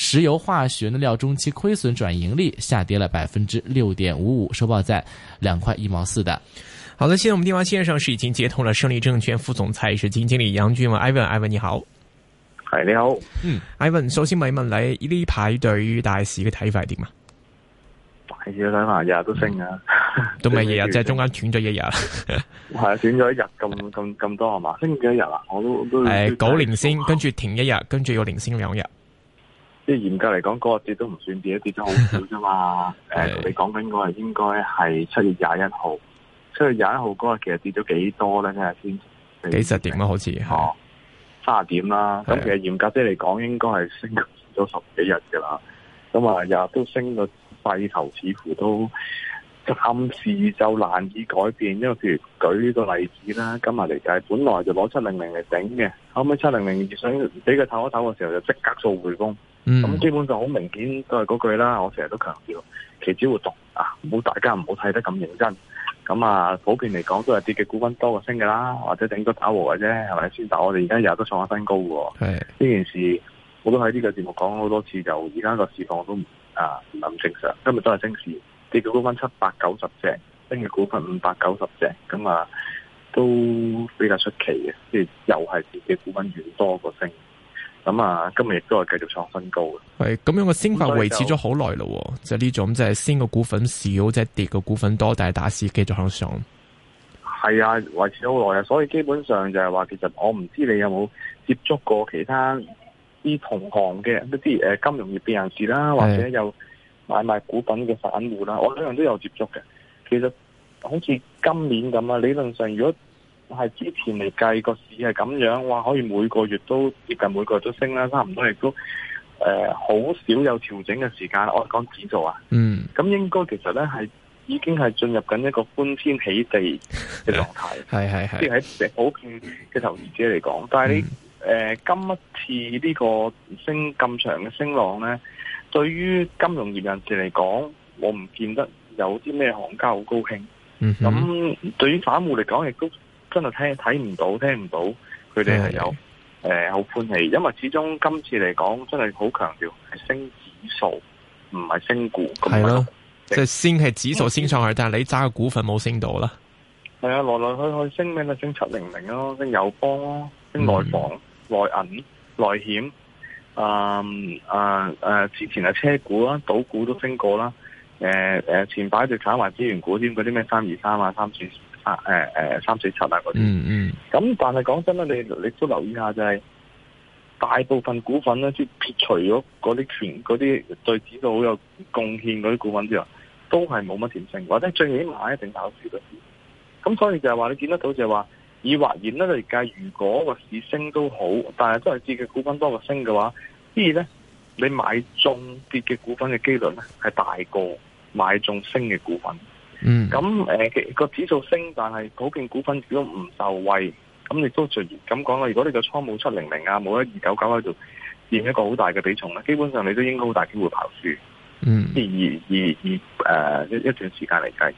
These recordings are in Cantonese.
石油化學的料中期虧損轉盈利，下跌了百分之六點五五，收報在兩塊一毛四的。好的，現在我們電話線上是已經接通了勝利證券副總裁是基金經，經理楊俊文 Ivan，Ivan Ivan，你好，係你好，嗯，Ivan 首先問一問你呢排對於大市嘅睇法係點啊？大市啊嘛，日日都升啊，都唔係日日，即 係中間斷咗一日，係 啊，斷咗一日咁咁咁多係嘛？升幾多日啊？我都都係九連升，跟住停一日，跟住又連升兩日。即係嚴格嚟講，嗰日跌都唔算跌，跌咗好少啫嘛。誒， 呃、你講緊嗰日應該係七月廿一號，七月廿一號嗰日其實跌咗幾多咧？睇下先，幾十點咯、啊，好似哦，卅點啦。咁其實嚴格啲嚟講，應該係升咗十幾日噶啦。咁、嗯、啊，又都升到勢頭，似乎都暫時就難以改變。因為譬如舉呢個例子啦，今日嚟計本來就攞七零零嚟頂嘅，後尾七零零想俾佢唞一唞嘅時候，就即刻做回工。咁、嗯、基本上好明顯都係嗰句啦，我成日都強調期指活動啊，唔好大家唔好睇得咁認真。咁啊，普遍嚟講都係跌嘅股份多過升㗎啦，或者頂多打和嘅啫，係咪先？但我哋而家又一都創下新高喎。呢件事我都喺呢個節目講好多次，就而家個市況都唔啊唔正常。今日都係升市，跌嘅股份七百九十隻，升嘅股份五百九十隻，咁、嗯、啊都比較出奇嘅，即、就、係、是、又係跌嘅股份遠多過升。咁啊，今日亦都係繼續創新高嘅。係咁樣嘅升法維持咗好耐咯，即係呢種，即係升嘅股份少，即係跌嘅股份多，但係打市繼續向上。係啊，維持咗好耐啊，所以基本上就係話，其實我唔知你有冇接觸過其他啲同行嘅一啲誒金融業嘅人士啦，或者有買賣股份嘅散戶啦，我兩樣都有接觸嘅。其實好似今年咁啊，理論上如果。係之前嚟計個市係咁樣，話可以每個月都接近每個月都升啦，差唔多亦都誒好、呃、少有調整嘅時間。我講指數啊，嗯，咁應該其實咧係已經係進入緊一個歡天喜地嘅狀態，係係係。即係喺成股嘅投資者嚟講，但係你誒今一次呢個升咁長嘅升浪咧，對於金融業人士嚟講，我唔見得有啲咩行家好高興。嗯，咁對於散戶嚟講，亦都。真係聽睇唔到，聽唔到佢哋係有誒好、呃、歡喜，因為始終今次嚟講，真係好強調係升指數，唔係升股。係咯，即係先係指數升上去，嗯、但係你揸個股份冇升到啦。係、嗯嗯、啊，來來去去升咩啦？升七零零啊，升友邦啊，升內房、內銀、內險。啊啊誒，之前係車股啦，賭股都升過啦。誒、啊、誒、啊，前排就炒埋資源股添，嗰啲咩三二三啊，三四誒、嗯、誒，三四七啊嗰啲，咁但係講真啦，你你都留意下就係大部分股份咧，即係撇除咗嗰啲權嗰啲對指數好有貢獻嗰啲股份之外，都係冇乜甜頭。或者最起碼一定跑輸啦。咁所以就係話你見得到就係話，以或然咧嚟計，如,如果個市升都好，但係都係跌嘅股份多過升嘅話，呢啲咧你買中跌嘅股份嘅機率咧係大過買中升嘅股份。嗯，嗯、uh Stella，咁誒，個指數升，但係普遍股份如果唔受惠，咁亦都盡然咁講啦。如果你個倉冇七零零啊，冇一二九九喺度佔一個好大嘅比重咧，基本上你都應該好大機會跑輸、uh, 嗯 nope 啊。嗯，而而而誒一一段時間嚟計，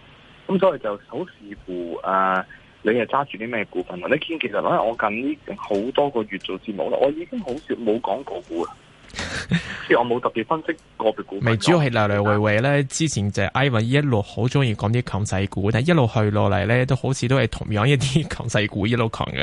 咁所以就好視乎誒，你係揸住啲咩股份？你見其實咧，我近呢好多個月做節目啦，我已經好少冇講個股啦。即係我冇特別分析個別股，唔係主要係來來回回咧，之前就是 Ivan 一路好中意講啲強勢股，但係一路去落嚟咧，都好似都係同樣一啲強勢股一路強嘅，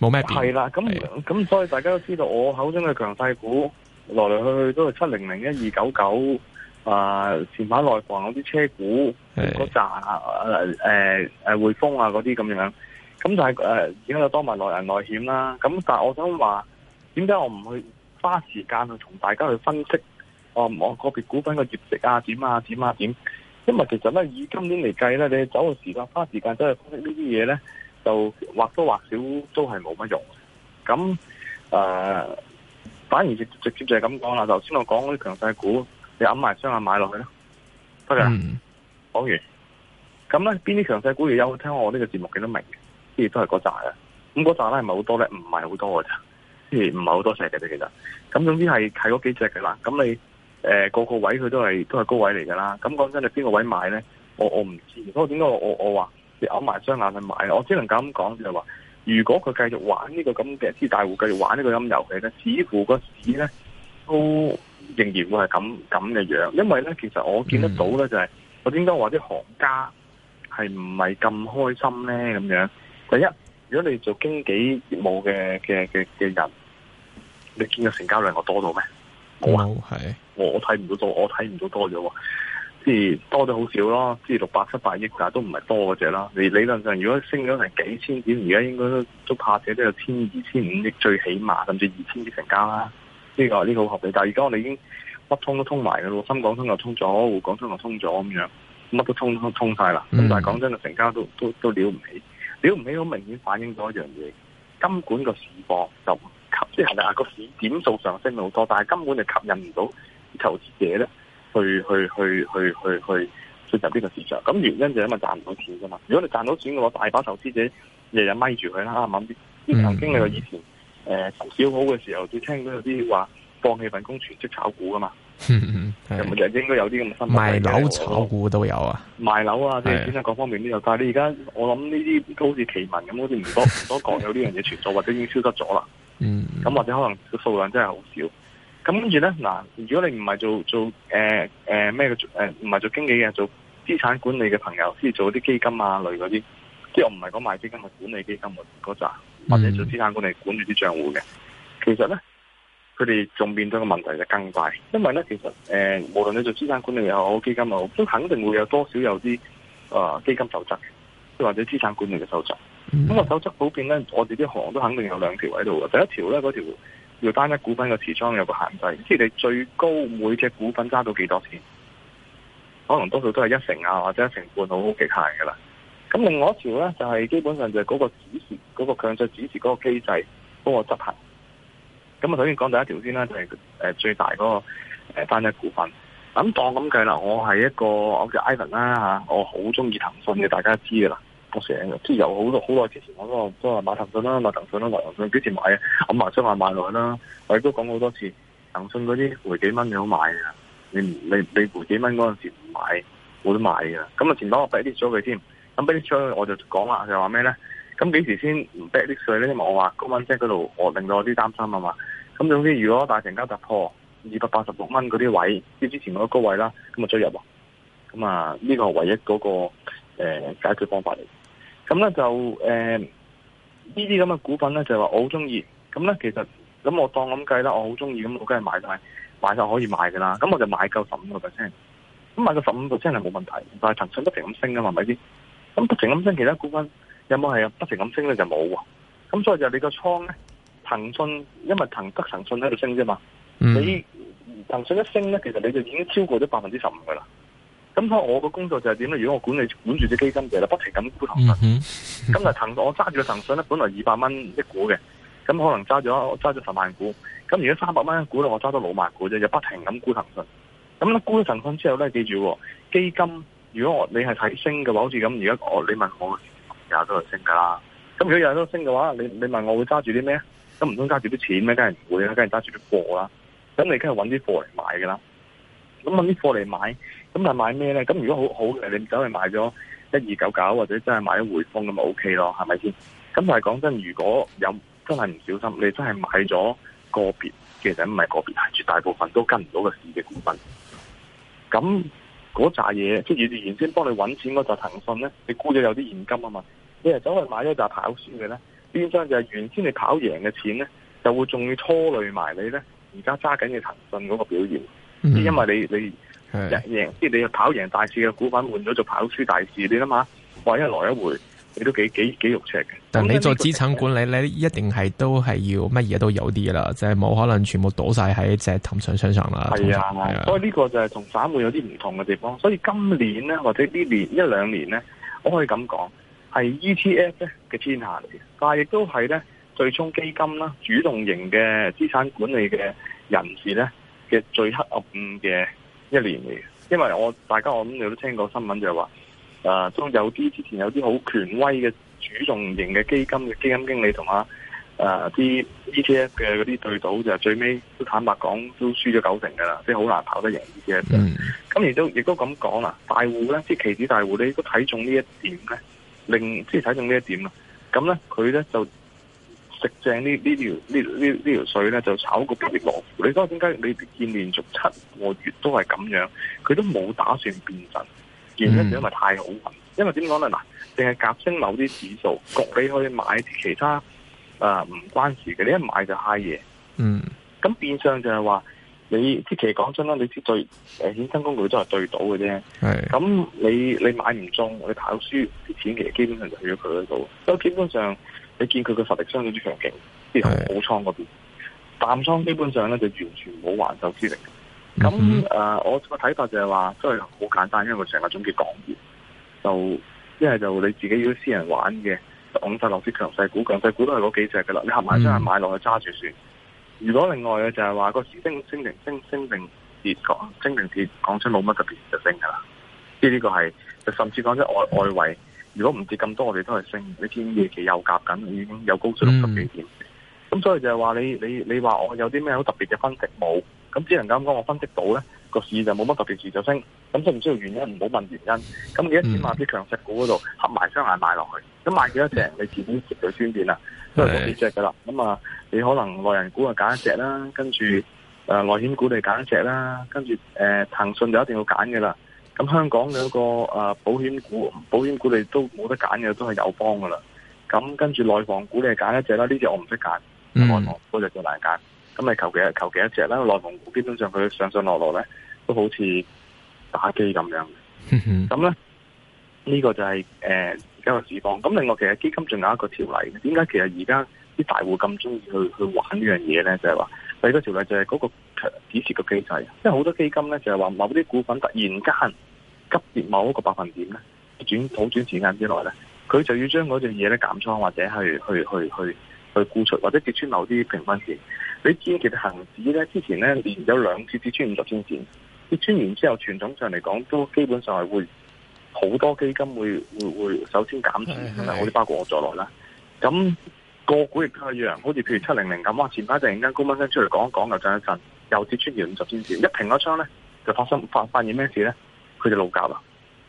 冇咩變。係啦，咁咁所以大家都知道，我口中嘅強勢股來來去去都係七零零一二九九啊，前晚內房有啲車股，嗰扎誒誒誒匯豐啊嗰啲咁樣，咁但係誒而家又多埋內銀內險啦。咁但係我想話，點解我唔去？花時間去同大家去分析，哦、呃，我個別股份嘅業績啊，點啊，點啊，點，因為其實咧以今年嚟計咧，你走個時間，花時間走去分析呢啲嘢咧，就或多或少都係冇乜用。咁誒、呃，反而直接直接就係咁講啦。頭先我講嗰啲強勢股，你揞埋雙眼買落去啦，得嘅。講、嗯、完，咁咧邊啲強勢股亦有聽我呢個節目幾多名嘅，亦都係嗰扎啊。咁嗰扎咧係咪好多咧？唔係好多嘅咋。即係唔係好多隻嘅啫，其實咁總之係睇嗰幾隻嘅啦。咁你誒個個位佢都係都係高位嚟噶啦。咁講真，你邊個位買咧？我我唔知。不過，點解我我我話你掩埋雙眼去買呢？我只能咁講，就係話如果佢繼續玩呢個咁嘅啲大戶繼續玩呢個咁嘅遊戲咧，似乎個市咧都仍然會係咁咁嘅樣。因為咧，其實我見得到咧，就係我點解話啲行家係唔係咁開心咧？咁樣第一，如果你做經紀業務嘅嘅嘅嘅人。你見個成交量多、哦哦、我多咗咩？冇啊，係我睇唔到多，我睇唔到多咗喎。即係多咗好少咯，即係六百七百億，但都唔係多嗰隻啦。你理論上，如果升咗成幾千點，而家應該都都怕者都有千二千五億，最起碼甚至二千億成交啦。呢、呢個呢、呢個好合理。但係而家我哋已經乜通都通埋嘅咯，深港通又通咗，滬港通又通咗咁樣，乜都通通通晒啦。咁但係講真嘅，成交都都都了唔起，了唔起好明顯反映咗一樣嘢，金管個市況就。即係咪啊？個市點數上升好多，但係根本就吸引唔到投資者咧，去去去去去去進入呢個市場。咁原因就因為賺唔到錢噶嘛。如果你賺到錢嘅話，大把投資者日日咪住佢啦。啱啱啲啲曾經，你話以前誒，投、嗯、資、呃、好嘅時候，都聽到有啲話放棄份工，全職炒股噶嘛。嗯嗯，係咪就應該有啲咁嘅新聞？賣樓炒股都有啊，賣樓啊，即係其他各方面都有。但係你而家我諗呢啲都好似奇聞咁，好似唔多唔多講有呢樣嘢存在，或者已經消失咗啦。嗯，咁或者可能個數量真係好少，咁跟住咧嗱，如果你唔係做做誒誒咩誒唔係做經紀嘅，做資產管理嘅朋友，先至做啲基金啊類嗰啲，即係我唔係講賣基金，係管理基金嗰扎，或者做資產管理管理啲賬戶嘅，其實咧佢哋仲面對嘅問題就更大，因為咧其實誒、欸、無論你做資產管理又好，基金又好，都肯定會有多少有啲誒、呃、基金走質。或者資產管理嘅手則，咁我手則普遍咧，我哋啲行都肯定有兩條喺度嘅。第一條咧，嗰條要單一股份嘅持倉有個限制，即係你最高每隻股份揸到幾多錢？可能多數都係一成啊，或者一成半好極限㗎啦。咁另外一條咧，就係基本上就係嗰個指示嗰個強制指示嗰個機制嗰個執行。咁啊，首先講第一條先啦，就係最大嗰個單一股份。咁當咁計啦，我係一個我叫 Ivan 啦吓，我好中意騰訊嘅，大家知嘅啦。我成日即係有好多好耐之前我都都話買騰訊啦，買騰訊啦，買騰訊幾時買啊？咁埋雙眼買落啦。我亦都講好多次，騰訊嗰啲回幾蚊就好買嘅。你你你回幾蚊嗰陣時唔買，冇得買嘅。咁、嗯、啊前兩日我 b 啲咗佢添，咁 b 啲出去我就講啦，佢話咩咧？咁、嗯、幾時先唔 back 因為我話高敏息嗰度，我令到我啲擔心啊嘛。咁、嗯、總之，如果大成交突破二百八十六蚊嗰啲位，即之前嗰個高位啦，咁啊追入。咁啊呢個唯一嗰、嗰個誒、呃、解決方法嚟。咁咧就誒，呢啲咁嘅股份咧就係話我好中意，咁咧其實咁我當咁計啦，我好中意，咁我梗係買晒，買就可以買噶啦，咁我就買夠十五個 percent，咁買夠十五個 percent 係冇問題，但係騰訊不停咁升噶嘛，係咪先？咁不停咁升，其他股份有冇係不停咁升咧就冇啊，咁所以就你個倉咧，騰訊因為騰得騰訊喺度升啫嘛、嗯，你騰訊一升咧，其實你就已經超過咗百分之十五噶啦。咁所以我個工作就係點咧？如果我管理管住啲基金嘅咧，就不停咁沽騰訊，咁就騰我揸住個騰訊咧，本來二百蚊一股嘅，咁可能揸咗揸住十萬股，咁如果三百蚊一股咧，我揸多老萬股啫，又不停咁沽騰訊。咁沽咗騰訊之後咧，記住基金，如果我你係睇升嘅話，好似咁，而家我你問我日日都係升噶啦。咁如果日日都升嘅話，你你問我會揸住啲咩？咁唔通揸住啲錢咩？梗係唔會啦，梗係揸住啲貨啦。咁你梗係揾啲貨嚟買噶啦。咁買啲貨嚟買，咁但係買咩咧？咁如果好好嘅，你走去買咗一二九九或者真係買咗匯豐咁咪 O K 咯，係咪先？咁但係講真，如果有真係唔小心，你真係買咗個別，其實唔係個別，係絕大部分都跟唔到個市嘅股份。咁嗰扎嘢，即係你原先幫你揾錢嗰扎騰訊咧，你估咗有啲現金啊嘛？你係走去買一扎跑輸嘅咧，變相就係原先你跑贏嘅錢咧，就會仲要拖累埋你咧，而家揸緊嘅騰訊嗰個表現。因為你你贏，即係你跑贏大市嘅股份換咗做跑輸大市，你諗下，話一來一回，你都幾幾幾肉赤嘅。但你做資產管理你一定係都係要乜嘢都有啲啦，就係、是、冇可能全部倒晒喺隻騰訊身上啦。係啊，係啊，所以呢個就係同散戶有啲唔同嘅地方。所以今年咧，或者呢年一兩年咧，我可以咁講，係 E T F 咧嘅天下嚟嘅，但係亦都係咧對沖基金啦，主動型嘅資產管理嘅人士咧。嘅最黑暗嘅一年嚟，因為我大家我諗你都聽過新聞就係話，誒，都有啲之前有啲好權威嘅主動型嘅基金嘅基金經理同啊誒啲 ETF 嘅嗰啲對賭就係最尾都坦白講都輸咗九成噶啦，即係好難跑得贏 ETF。咁、嗯、而都亦都咁講啦，大戶咧，即係期指大戶咧都睇中呢一點咧，令即係睇中呢一點啦。咁咧佢咧就。食正呢呢條呢呢呢條水咧，就炒個別羅湖。你都係點解你見連續七個月都係咁樣，佢都冇打算變陣？原因就因為太好運。因為點講咧？嗱，淨係夾升某啲指數，焗你去買其他誒唔、呃、關事嘅，你一買就嗨嘢。嗯，咁變相就係話你，即其實講真啦，你絕對誒衍生工具都係對到嘅啫。係。咁你你買唔中，你炒輸啲錢，其實基本上就去咗佢嗰度。所以基本上。你見佢嘅實力相對之強勁，之後補倉嗰邊淡倉基本上呢就完全冇還手之力。咁、嗯、誒、呃，我個睇法就係話，真係好簡單，因為我成日總結講嘢，就一係就你自己要私人玩嘅，就講曬落啲強勢股，強勢股都係嗰幾隻㗎喇。你合埋真係買落去揸住算。如果另外嘅就係話，升升升個市升升定升升定跌講升定跌，講真冇乜特別嘅升㗎啦。依啲個係，就甚至講真外，外圍。如果唔跌咁多，我哋都係升。你夜期又夾緊，你已經又高出六十幾點。咁、嗯、所以就係話你你你話我有啲咩好特別嘅分析冇？咁只能夠咁講，我分析到咧個市就冇乜特別事就升。咁需唔需要原因？唔好問原因。咁你而家買啲強勢股嗰度，合商埋雙眼買落去。咁買幾多隻？你自己絕對分辨啦，都係嗰幾隻噶啦。咁啊，那你可能內銀股啊揀一隻啦，跟住誒、呃、內險股你揀一隻啦，跟住誒、呃、騰訊就一定要揀嘅啦。咁香港嘅一個誒保險股，保險股你都冇得揀嘅，都係友邦噶啦。咁跟住內房股你係揀一隻啦，呢隻我唔識揀。內、mm. 房嗰隻最難揀。咁咪求其求其一隻啦。內房股基本上佢上上落落咧，都好似打機咁樣。咁、mm、咧 -hmm. 呢，這個就係誒而家嘅市況。咁另外其實基金仲有一個條例，點解其實而家啲大戶咁中意去去玩呢樣嘢咧？就係話第二個條例就係嗰個強指示嘅機制。因為好多基金咧就係、是、話某啲股份突然間。急跌某一個百分點咧，轉好轉時間之內咧，佢就要將嗰樣嘢咧減倉，或者係去去去去去沽出，或者跌穿某啲平均線。你知，其實恒指咧之前咧連有兩次跌穿五十千線，跌穿完之後，傳統上嚟講都基本上係會好多基金會會會首先減持，咁啊，好似包括我在內啦。咁、那個股亦都係一樣，好似譬如七零零咁啊，前排突然間高蚊聲出嚟講一講又震一震，又跌穿完五十千線，一平咗倉咧就發生發發現咩事咧？佢哋老價啦，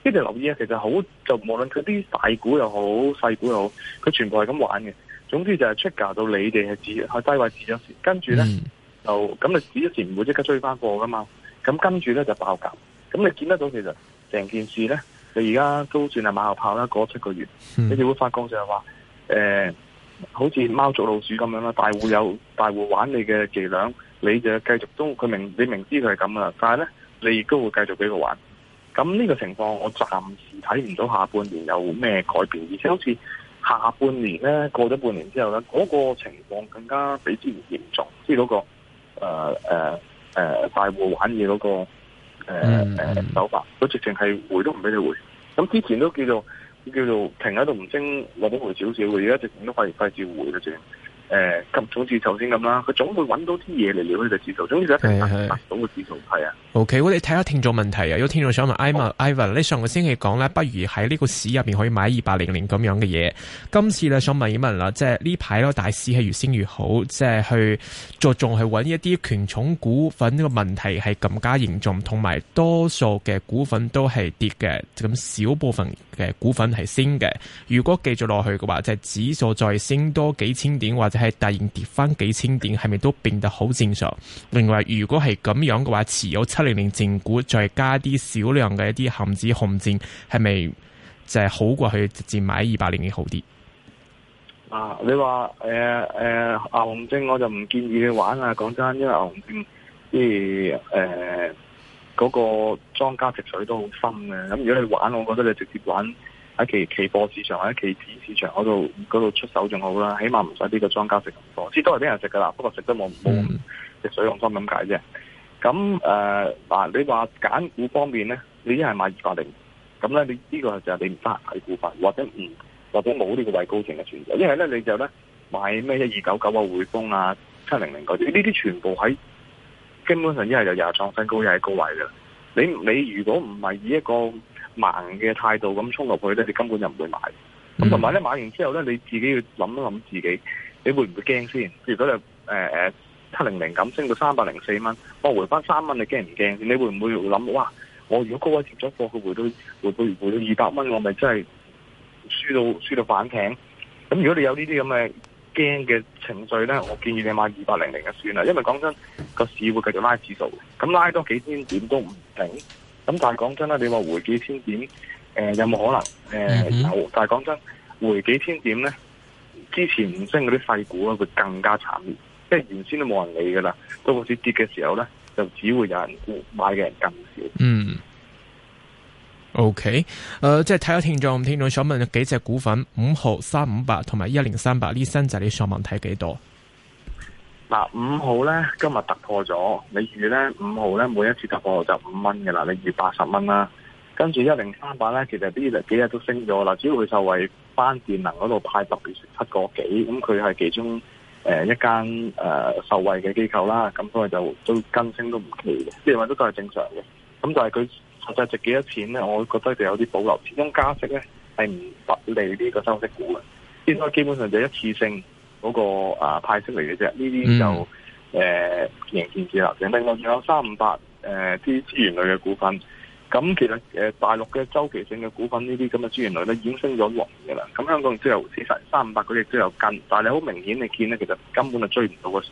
啲人留意啊，其實好就無論佢啲大股又好，細股又好，佢全部係咁玩嘅。總之就係出價到你哋係止，係低位止咗時，跟住咧、嗯、就咁你止咗時唔會即刻追翻過噶嘛。咁跟住咧就爆價。咁你見得到其實成件事咧，你而家都算係馬後炮啦。過咗七個月，嗯、你哋會發覺就係話，誒、呃、好似貓捉老鼠咁樣啦。大戶有大戶玩你嘅伎倆，你就繼續都佢明你明知佢係咁啦，但係咧你亦都會繼續俾佢玩。咁呢個情況，我暫時睇唔到下半年有咩改變，而且好似下半年咧過咗半年之後咧，嗰、那個情況更加比之前嚴重，即係嗰個誒誒、呃呃呃、大戶玩嘢嗰、那個誒、呃 mm -hmm. 手法，佢直情係回都唔俾你回。咁之前都叫做叫做停喺度唔清，落都回少少嘅，而家直情都快快照回嘅啫。誒、呃，咁總之頭先咁啦，佢總會揾到啲嘢嚟料佢哋指數，總之就係總會指數係啊。O、okay, K，我哋睇下聽眾問題啊，有聽眾想問 Ivan，Ivan，、哦、Ivan, 你上個星期講咧，不如喺呢個市入面可以買二八零零咁樣嘅嘢，今次咧想問一問啦，即係呢排咯，大市係越升越好，即、就、係、是、去着重去揾一啲權重股份呢、這個問題係咁加嚴重，同埋多數嘅股份都係跌嘅，咁少部分，嘅股份係升嘅，如果繼續落去嘅話，就係、指數再升多幾千點，或者係突然跌翻幾千點，係咪都變得好正常？另外，如果係咁樣嘅話，持有七零零正股再加啲少量嘅一啲恒指熊證，係咪就係好過去直接買二八零零嘅好啲？啊，你話，誒誒牛熊證，呃呃、我就唔建議你玩啦。講真，因為牛熊證，而、呃、誒。呃嗰、那個莊家食水都好深嘅，咁如果你玩，我覺得你直接玩喺期期貨市場或者期指市場嗰度嗰度出手仲好啦，起碼唔使呢個莊家食咁多，最多係畀人食噶啦，不過食得冇冇食水咁深咁解啫。咁誒嗱，你話揀股方面咧，你一係買二八零零，咁咧你呢個就係你唔適合睇股份，或者唔或者冇呢個畏高症嘅存在。一係咧你就咧買咩一二九九啊、匯豐啊、七零零嗰啲，呢啲全部喺。基本上一係就又係創新高，又係高位嘅。你你如果唔係以一個盲嘅態度咁衝落去咧，你根本就唔會買。咁同埋咧買完之後咧，你自己要諗一諗自己，你會唔會驚先？如果你誒誒七零零咁升到三百零四蚊，我回翻三蚊，你驚唔驚？你會唔會諗哇？我如果高位接咗貨，佢回到回到回到二百蚊，我咪真係輸到輸到反艇？咁如果你有呢啲咁嘅，驚嘅情緒咧，我建議你買二百零零就算啦，因為講真，個市會繼續拉指數，咁拉多幾千點都唔定。咁但係講真啦，你話回幾千點，誒有冇可能？誒有，但係講真，回幾千點咧，之前升嗰啲細股咧會更加慘烈，即係原先都冇人理噶啦，到開始跌嘅時候咧，就只會有人沽，買嘅人更少。嗯。 O K，誒，即係睇下聽眾，聽眾想問幾隻股份？五號三五八同埋一零三八呢？新仔你上網睇幾多？嗱，五號咧，今日突破咗，你預咧五號咧每一次突破就五蚊噶啦，你預八十蚊啦。跟住一零三八咧，其實呢幾日都升咗啦，主要佢受惠班電能嗰度派特別七個幾，咁佢係其中誒一間誒受惠嘅機構啦。咁、嗯、所以就都跟升都唔奇嘅，即係話都都係正常嘅。咁、嗯、就係、是、佢。就值幾多錢咧？我覺得就有啲保留，始終加息咧係唔不利呢個收息股嘅，所以基本上就是一次性嗰、嗰個啊派息嚟嘅啫。呢啲就誒仍然持有 300,、呃，另外仲有三五百誒啲資源類嘅股份。咁其實誒、呃、大陸嘅周期性嘅股份呢啲咁嘅資源類咧已經升咗龍嘅啦。咁香港亦都有死神三五百佢亦都有跟。但係你好明顯你見咧，其實根本就追唔到個市。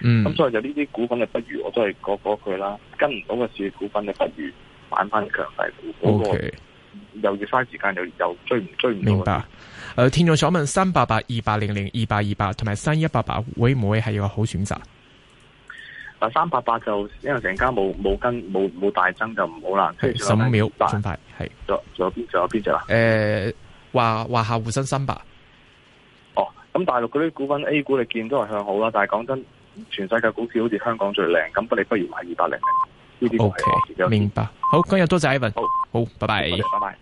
嗯，咁所以就呢啲股份就不如，我都係講嗰句啦。跟唔到個市嘅股份就不如。反翻強勢，我又要嘥時間又又追唔追唔到。明白。誒、呃，聽眾想問三八八二八零零二八二八同埋三一八八會唔會係一個好選擇？嗱、啊，三八八就因為成家冇冇跟冇冇大增就唔好啦。十五秒，快快係。仲有邊，仲有邊隻啦。誒、呃，華華夏滬深三百。哦，咁大陸嗰啲股份 A 股你見都係向好啦，但係講真，全世界股市好似香港最靚，咁不你不如買二八零零。O.K. 明白，好，今日多謝 Ivan，好，好，拜拜，拜拜。